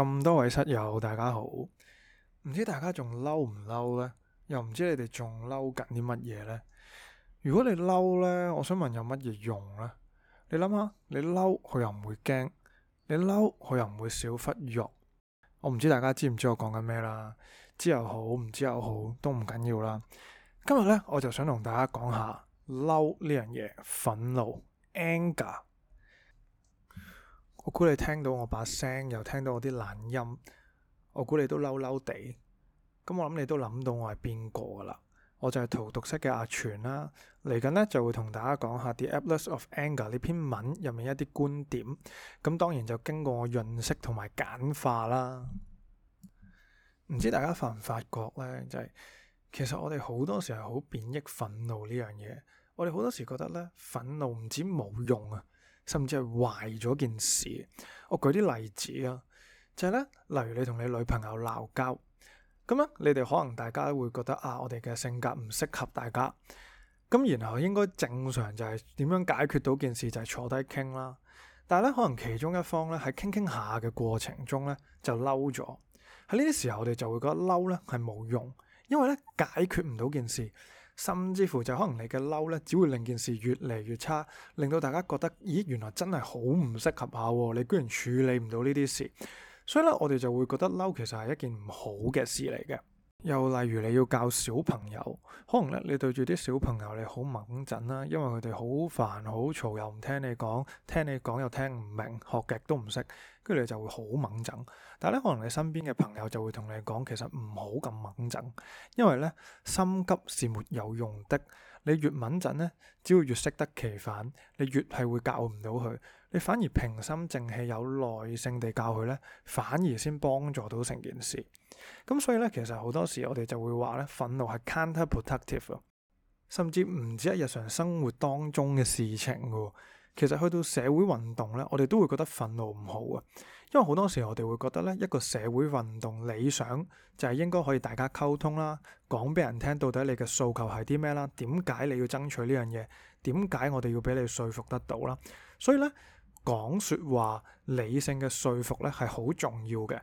咁多位室友，大家好，唔知大家仲嬲唔嬲呢？又唔知你哋仲嬲緊啲乜嘢呢？如果你嬲呢，我想問有乜嘢用呢？你諗下，你嬲佢又唔會驚，你嬲佢又唔會少忽肉。我唔知大家知唔知我講緊咩啦？知又好，唔知又好，都唔緊要啦。今日呢，我就想同大家講下嬲呢樣嘢，憤怒 （anger）。我估你聽到我把聲，又聽到我啲懶音，我估你都嬲嬲地，咁我諗你都諗到我係邊個㗎啦。我就係荼毒室嘅阿全啦，嚟緊呢，就會同大家講下《The Aptness of Anger》呢篇文入面一啲觀點，咁當然就經過我潤色同埋簡化啦。唔知大家發唔發覺呢？就係、是、其實我哋好多時係好貶抑憤怒呢樣嘢，我哋好多時覺得呢，憤怒唔止冇用啊。甚至係壞咗件事。我舉啲例子啊，就係咧，例如你同你女朋友鬧交，咁咧，你哋可能大家會覺得啊，我哋嘅性格唔適合大家。咁然後應該正常就係點樣解決到件事就係坐低傾啦。但係咧，可能其中一方咧，喺傾傾下嘅過程中咧，就嬲咗。喺呢啲時候，我哋就會覺得嬲咧，係冇用，因為咧解決唔到件事。甚至乎就可能你嘅嬲咧，只會令件事越嚟越差，令到大家覺得，咦，原來真係好唔適合下喎，你居然處理唔到呢啲事，所以咧，我哋就會覺得嬲其實係一件唔好嘅事嚟嘅。又例如你要教小朋友，可能咧你對住啲小朋友你好掹憎啦，因為佢哋好煩、好嘈，又唔聽你講，聽你講又聽唔明，學極都唔識，跟住你就會好掹憎。但係咧，可能你身邊嘅朋友就會同你講，其實唔好咁掹憎，因為咧心急是沒有用的。你越掹憎咧，只要越適得其反，你越係會教唔到佢。你反而平心靜氣、有耐性地教佢呢，反而先幫助到成件事。咁所以呢，其實好多時我哋就會話呢，憤怒係 counterproductive，甚至唔止係日常生活當中嘅事情噶。其實去到社會運動呢，我哋都會覺得憤怒唔好啊，因為好多時我哋會覺得呢，一個社會運動理想就係應該可以大家溝通啦，講俾人聽到底你嘅訴求係啲咩啦，點解你要爭取呢樣嘢，點解我哋要俾你說服得到啦。所以呢。講說話理性嘅說服咧係好重要嘅，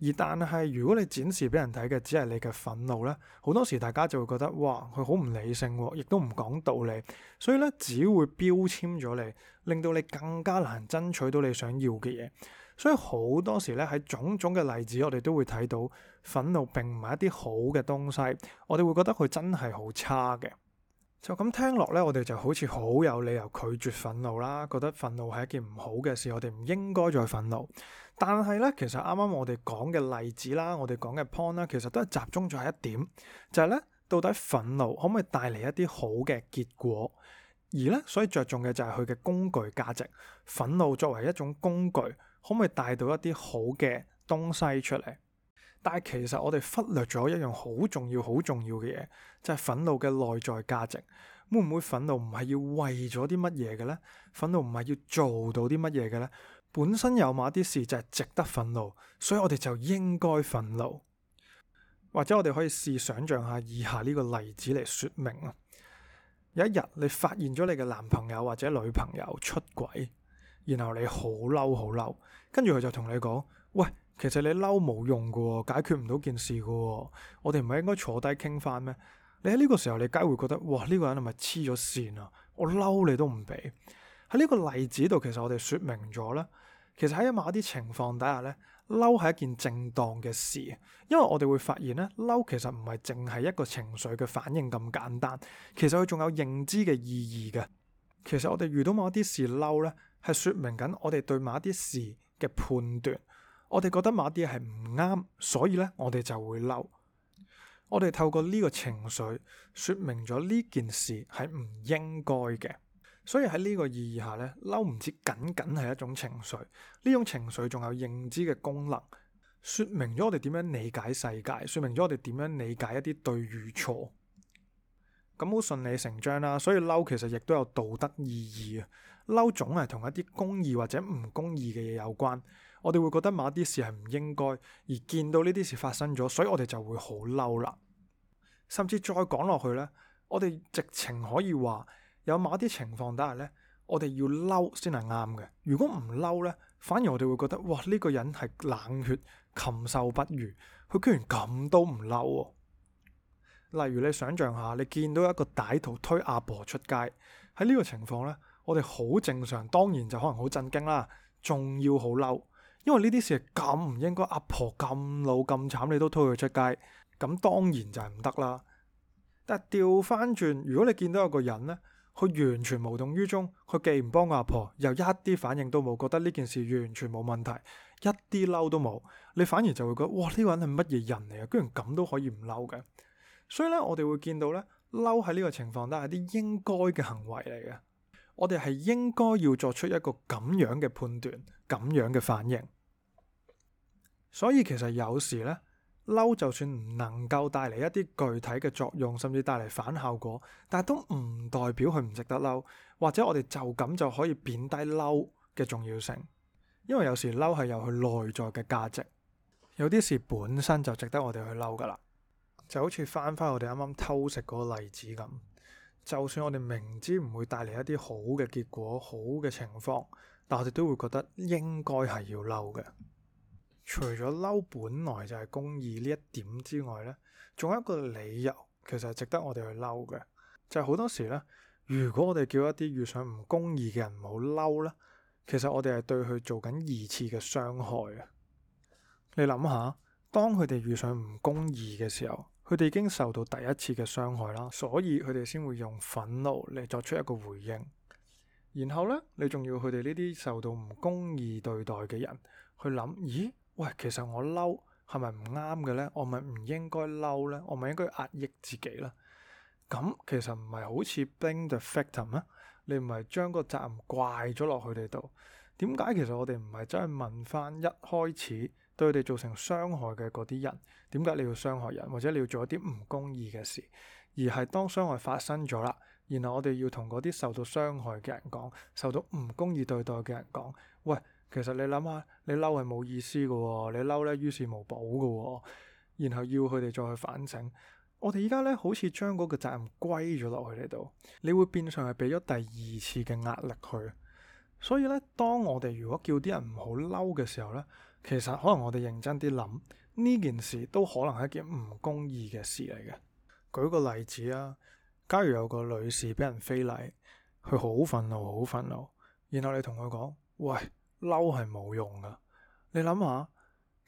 而但係如果你展示俾人睇嘅只係你嘅憤怒咧，好多時大家就會覺得，哇，佢好唔理性喎，亦都唔講道理，所以咧只會標籤咗你，令到你更加難爭取到你想要嘅嘢。所以好多時咧喺種種嘅例子，我哋都會睇到憤怒並唔係一啲好嘅東西，我哋會覺得佢真係好差嘅。就咁聽落咧，我哋就好似好有理由拒絕憤怒啦，覺得憤怒係一件唔好嘅事，我哋唔應該再憤怒。但係咧，其實啱啱我哋講嘅例子啦，我哋講嘅 point 啦，其實都係集中咗喺一點，就係、是、咧，到底憤怒可唔可以帶嚟一啲好嘅結果？而咧，所以着重嘅就係佢嘅工具價值。憤怒作為一種工具，可唔可以帶到一啲好嘅東西出嚟？但係其實我哋忽略咗一樣好重要、好重要嘅嘢，就係憤怒嘅內在價值。會唔會憤怒唔係要為咗啲乜嘢嘅呢？憤怒唔係要做到啲乜嘢嘅呢？本身有某啲事就係值得憤怒，所以我哋就應該憤怒。或者我哋可以試想像下以下呢個例子嚟説明啊。有一日你發現咗你嘅男朋友或者女朋友出軌，然後你好嬲好嬲，跟住佢就同你講。喂，其實你嬲冇用㗎喎，解決唔到件事㗎喎。我哋唔係應該坐低傾翻咩？你喺呢個時候，你梗會覺得，哇！呢個人係咪黐咗線啊？我嬲你都唔俾。喺呢個例子度，其實我哋説明咗咧，其實喺某一啲情況底下咧，嬲係一件正當嘅事，因為我哋會發現咧，嬲其實唔係淨係一個情緒嘅反應咁簡單，其實佢仲有認知嘅意義嘅。其實我哋遇到某一啲事嬲咧，係説明緊我哋對某一啲事嘅判斷。我哋覺得某啲嘢係唔啱，所以咧我哋就會嬲。我哋透過呢個情緒，説明咗呢件事係唔應該嘅。所以喺呢個意義下咧，嬲唔止僅僅係一種情緒，呢種情緒仲有認知嘅功能，説明咗我哋點樣理解世界，説明咗我哋點樣理解一啲對與錯。咁好順理成章啦。所以嬲其實亦都有道德意義啊。嬲總係同一啲公義或者唔公義嘅嘢有關。我哋會覺得某啲事係唔應該，而見到呢啲事發生咗，所以我哋就會好嬲啦。甚至再講落去呢，我哋直情可以話有某啲情況底下呢，我哋要嬲先係啱嘅。如果唔嬲呢，反而我哋會覺得哇，呢個人係冷血禽獸不如，佢居然咁都唔嬲喎。例如你想像下，你見到一個歹徒推阿婆出街，喺呢個情況呢，我哋好正常，當然就可能好震驚啦，仲要好嬲。因為呢啲事係咁唔應該，阿婆咁老咁慘，你都推佢出街，咁當然就係唔得啦。但係調翻轉，如果你見到有個人呢，佢完全無動於衷，佢既唔幫阿婆，又一啲反應都冇，覺得呢件事完全冇問題，一啲嬲都冇，你反而就會覺得，哇呢個人係乜嘢人嚟啊？居然咁都可以唔嬲嘅。所以呢，我哋會見到呢，嬲喺呢個情況都係啲應該嘅行為嚟嘅。我哋係應該要作出一個咁樣嘅判斷，咁樣嘅反應。所以其實有時咧，嬲就算唔能夠帶嚟一啲具體嘅作用，甚至帶嚟反效果，但係都唔代表佢唔值得嬲，或者我哋就咁就可以貶低嬲嘅重要性。因為有時嬲係有佢內在嘅價值，有啲事本身就值得我哋去嬲噶啦。就好似翻翻我哋啱啱偷食嗰個例子咁，就算我哋明知唔會帶嚟一啲好嘅結果、好嘅情況，但我哋都會覺得應該係要嬲嘅。除咗嬲，本來就係公義呢一點之外，呢仲有一個理由其、就是，其實係值得我哋去嬲嘅，就係好多時，呢如果我哋叫一啲遇上唔公義嘅人唔好嬲，呢其實我哋係對佢做緊二次嘅傷害啊！你諗下，當佢哋遇上唔公義嘅時候，佢哋已經受到第一次嘅傷害啦，所以佢哋先會用憤怒嚟作出一個回應。然後呢，你仲要佢哋呢啲受到唔公義對待嘅人去諗：咦？喂，其實我嬲係咪唔啱嘅咧？我咪唔應該嬲咧？我咪應該壓抑自己咧？咁其實唔係好似 blame the victim 啊？你唔係將個責任怪咗落佢哋度？點解其實我哋唔係真係問翻一開始對佢哋造成傷害嘅嗰啲人？點解你要傷害人，或者你要做一啲唔公義嘅事？而係當傷害發生咗啦，然後我哋要同嗰啲受到傷害嘅人講，受到唔公義對待嘅人講，喂。其實你諗下，你嬲係冇意思嘅喎。你嬲咧，於事無補嘅喎。然後要佢哋再去反省，我哋依家咧好似將嗰個責任歸咗落佢哋度，你會變相係俾咗第二次嘅壓力佢。所以咧，當我哋如果叫啲人唔好嬲嘅時候咧，其實可能我哋認真啲諗呢件事都可能係一件唔公義嘅事嚟嘅。舉個例子啊，假如有個女士俾人非禮，佢好憤怒，好憤怒，然後你同佢講，喂！嬲係冇用噶，你諗下，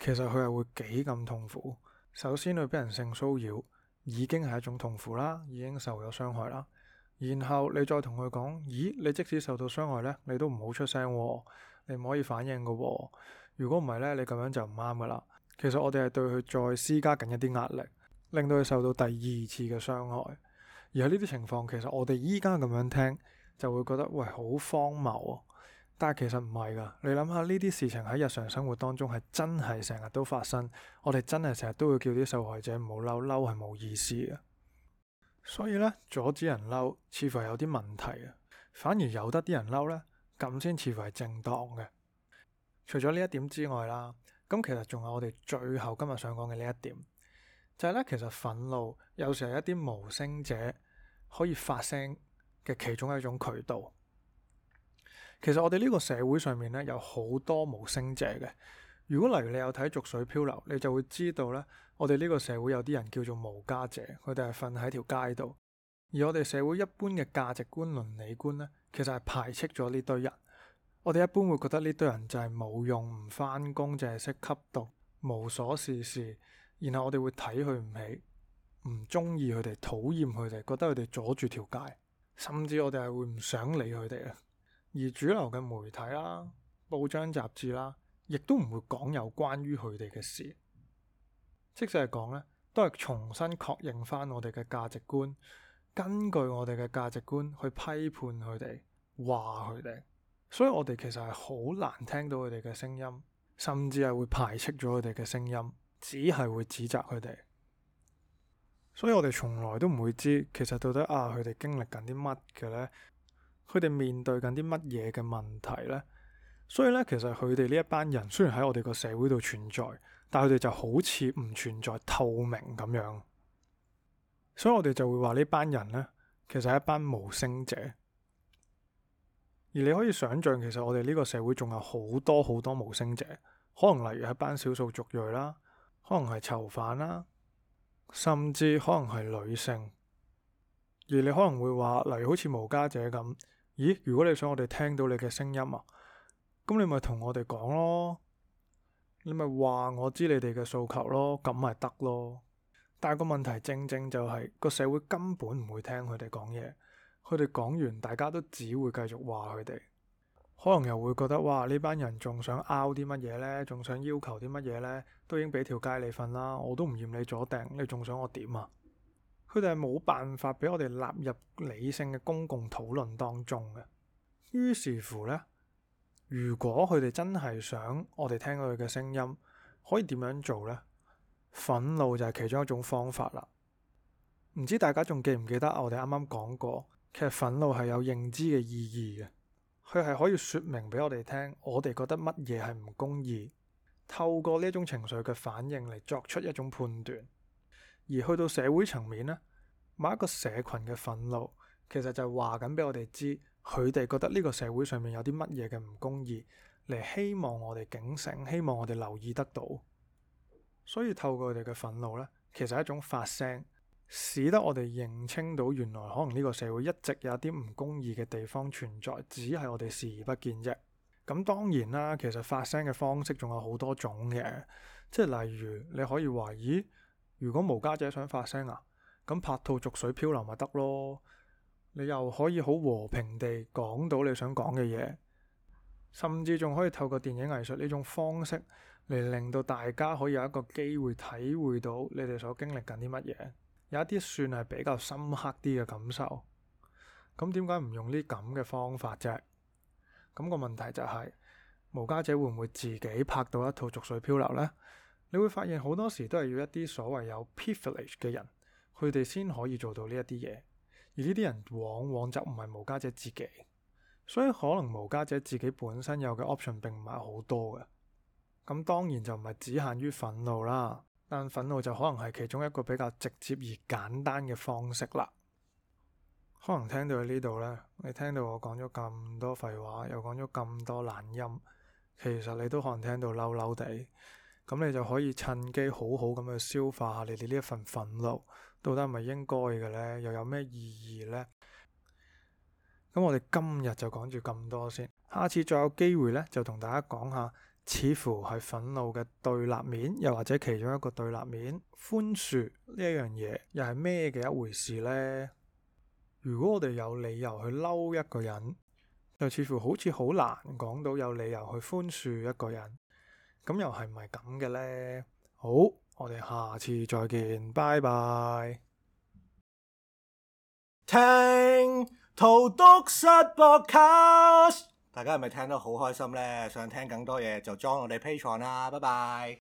其實佢係會幾咁痛苦。首先佢俾人性騷擾已經係一種痛苦啦，已經受咗傷害啦。然後你再同佢講，咦，你即使受到傷害呢，你都唔好出聲啊，你唔可以反應嘅啊。如果唔係呢，你咁樣就唔啱噶啦。其實我哋係對佢再施加緊一啲壓力，令到佢受到第二次嘅傷害。而喺呢啲情況，其實我哋依家咁樣聽就會覺得喂，好荒謬啊！但係其實唔係噶，你諗下呢啲事情喺日常生活當中係真係成日都發生，我哋真係成日都會叫啲受害者唔好嬲，嬲係冇意思嘅。所以呢，阻止人嬲似乎係有啲問題啊，反而有得啲人嬲呢，咁先似乎係正當嘅。除咗呢一點之外啦，咁其實仲有我哋最後今日想講嘅呢一點，就係呢。其實憤怒有時係一啲無聲者可以發聲嘅其中一種渠道。其實我哋呢個社會上面咧有好多無聲者嘅。如果例如你有睇《濁水漂流》，你就會知道咧，我哋呢個社會有啲人叫做無家者，佢哋係瞓喺條街度。而我哋社會一般嘅價值觀、倫理觀咧，其實係排斥咗呢堆人。我哋一般會覺得呢堆人就係冇用，唔返工，淨係識吸毒，無所事事，然後我哋會睇佢唔起，唔中意佢哋，討厭佢哋，覺得佢哋阻住條街，甚至我哋係會唔想理佢哋啊。而主流嘅媒體啦、報章雜誌啦，亦都唔會講有關於佢哋嘅事。即使係講呢，都係重新確認翻我哋嘅價值觀，根據我哋嘅價值觀去批判佢哋、話佢哋。所以我哋其實係好難聽到佢哋嘅聲音，甚至係會排斥咗佢哋嘅聲音，只係會指責佢哋。所以我哋從來都唔會知，其實到底啊，佢哋經歷緊啲乜嘅呢？佢哋面對緊啲乜嘢嘅問題呢？所以呢，其實佢哋呢一班人雖然喺我哋個社會度存在，但佢哋就好似唔存在、透明咁樣。所以我哋就會話，呢班人呢，其實係一班無聲者。而你可以想像，其實我哋呢個社會仲有好多好多無聲者，可能例如一班少數族裔啦，可能係囚犯啦，甚至可能係女性。而你可能會話，例如好似無家者咁。咦，如果你想我哋聽到你嘅聲音啊，咁你咪同我哋講咯，你咪話我知你哋嘅訴求咯，咁咪得咯。但係個問題正正就係個社會根本唔會聽佢哋講嘢，佢哋講完大家都只會繼續話佢哋，可能又會覺得哇，呢班人仲想拗啲乜嘢呢？仲想要求啲乜嘢呢？都已經俾條街你瞓啦，我都唔嫌你阻掟，你仲想我點啊？佢哋係冇辦法俾我哋納入理性嘅公共討論當中嘅。於是乎呢，如果佢哋真係想我哋聽到佢嘅聲音，可以點樣做呢？憤怒就係其中一種方法啦。唔知大家仲記唔記得我哋啱啱講過，其實憤怒係有認知嘅意義嘅。佢係可以説明俾我哋聽，我哋覺得乜嘢係唔公義，透過呢一種情緒嘅反應嚟作出一種判斷。而去到社會層面呢，某一個社群嘅憤怒，其實就係話緊俾我哋知，佢哋覺得呢個社會上面有啲乜嘢嘅唔公義，嚟希望我哋警醒，希望我哋留意得到。所以透過佢哋嘅憤怒呢，其實係一種發聲，使得我哋認清到原來可能呢個社會一直有啲唔公義嘅地方存在，只係我哋視而不見啫。咁當然啦，其實發聲嘅方式仲有好多種嘅，即係例如你可以懷疑。如果無家者想發聲啊，咁拍套濁水漂流咪得咯？你又可以好和平地講到你想講嘅嘢，甚至仲可以透過電影藝術呢種方式嚟令到大家可以有一個機會體會到你哋所經歷緊啲乜嘢，有一啲算係比較深刻啲嘅感受。咁點解唔用呢咁嘅方法啫？咁、那個問題就係、是、無家者會唔會自己拍到一套濁水漂流呢？你會發現好多時都係要一啲所謂有 privilege 嘅人，佢哋先可以做到呢一啲嘢，而呢啲人往往就唔係毛家姐自己，所以可能毛家姐自己本身有嘅 option 並唔係好多嘅。咁當然就唔係只限於憤怒啦，但憤怒就可能係其中一個比較直接而簡單嘅方式啦。可能聽到呢度呢，你聽到我講咗咁多廢話，又講咗咁多懶音，其實你都可能聽到嬲嬲地。咁你就可以趁機好好咁去消化下你哋呢一份憤怒，到底係咪應該嘅呢？又有咩意義呢？咁我哋今日就講住咁多先，下次再有機會呢，就同大家講下，似乎係憤怒嘅對立面，又或者其中一個對立面——寬恕呢一樣嘢，又係咩嘅一回事呢？如果我哋有理由去嬲一個人，就似乎好似好難講到有理由去寬恕一個人。咁又係唔係咁嘅咧？好，我哋下次再見，拜拜。聽荼毒室 podcast，大家係咪聽得好開心咧？想聽更多嘢就裝我哋 Patreon 啦，拜拜。